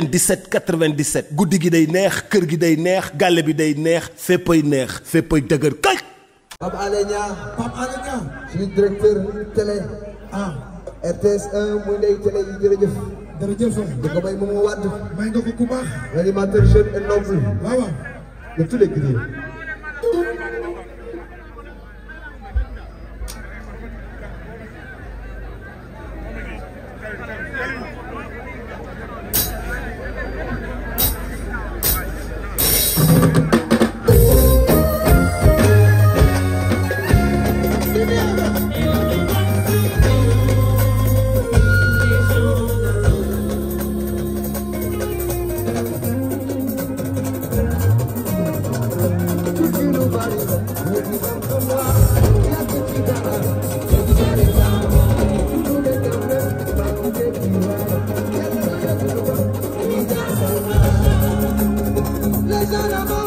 97 97 guddi gi day neex kër gi day neex gàlle bi day neex féppay neex féppay dëgër kay. Pape Alé Niang Pape Alé Niang suñu directeur télé ah RTS muy ndey télé yi jërëjëf. jërëjëf di ko may mu mu wàdd. may nga ko ku baax. l'animateur jeune et noble. waaw waaw de tous les Let's go,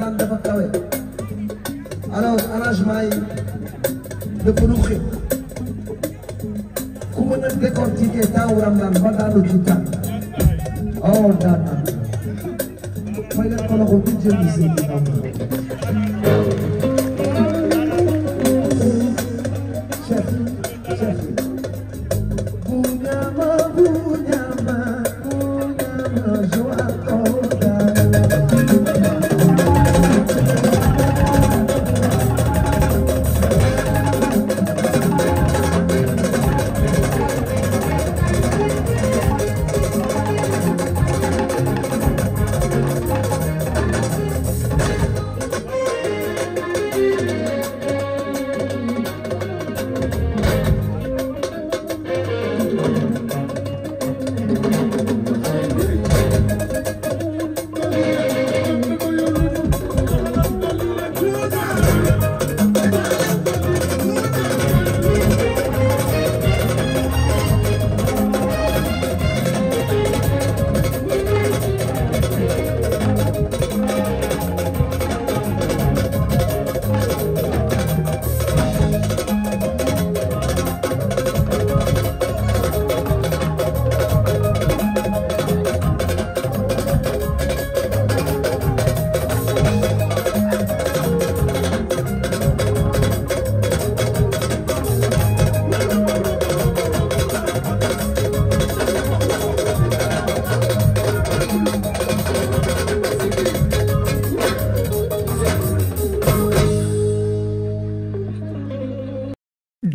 ndaan dafa kawe alors arrangement yi dafa ruuxi ku mën a décortiquer taawu Ramadaan ba daanu ci tànn oh daan naa mooy leen ko loxo bi jël si